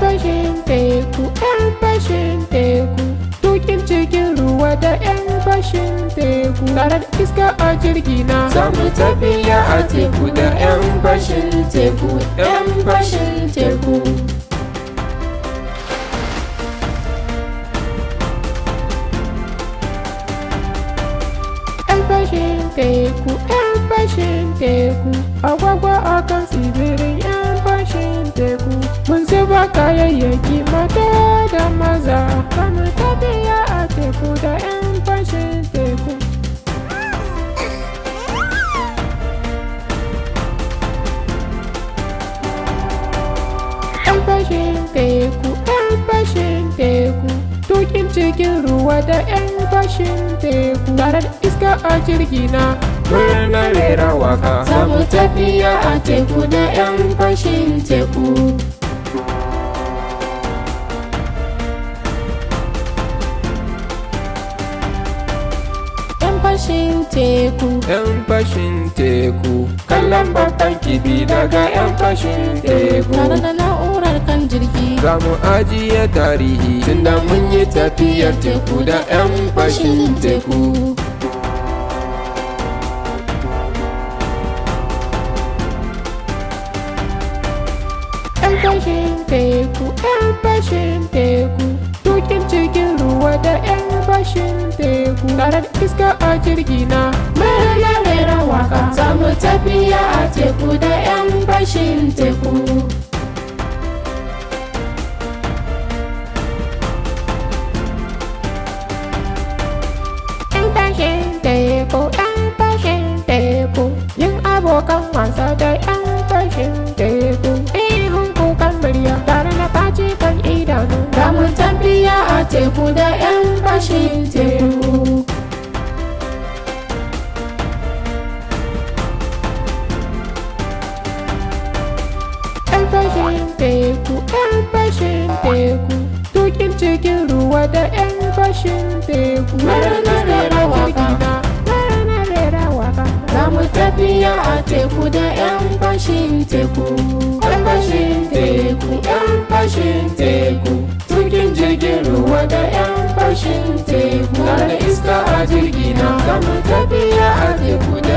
bashin teku yan bashin teku tukin cikin ruwa da yan bashin teku karar iska a jirgi na za tafiya a teku da yan bashin teku yan bashin teku yan bashin teku yan a teku agwagwa akan ciki mata da maza kama tafiya a teku da 'yan fashin teku yan fashin teku yan fashin teku tukin cikin ruwa da yan fashin teku tarar iska a jirgi na murna rera waka samu tafiya a teku da yan fashin teku fashin teku yan fashin teku kallon babban kibi daga yan fashin teku tare da na'urar kan jirgi za mu ajiye tarihi da mun yi tafiyar teku da yan fashin teku fashin teku, 'yan fashin teku, dukin cikin ruwa da 'yan fashin teku. sharar iska a jirgi na murna rera waka za mu tafiya a teku da 'yan bashin teku Yin abokan wasa fashin teku yan fashin teku tukin cikin ruwa da yan fashin teku marana rera waka rera waka za mu tafiya a teku da yan fashin teku yan fashin teku yan teku ruwa da yan fashin teku da iska a jirgina za mu tafiya a teku da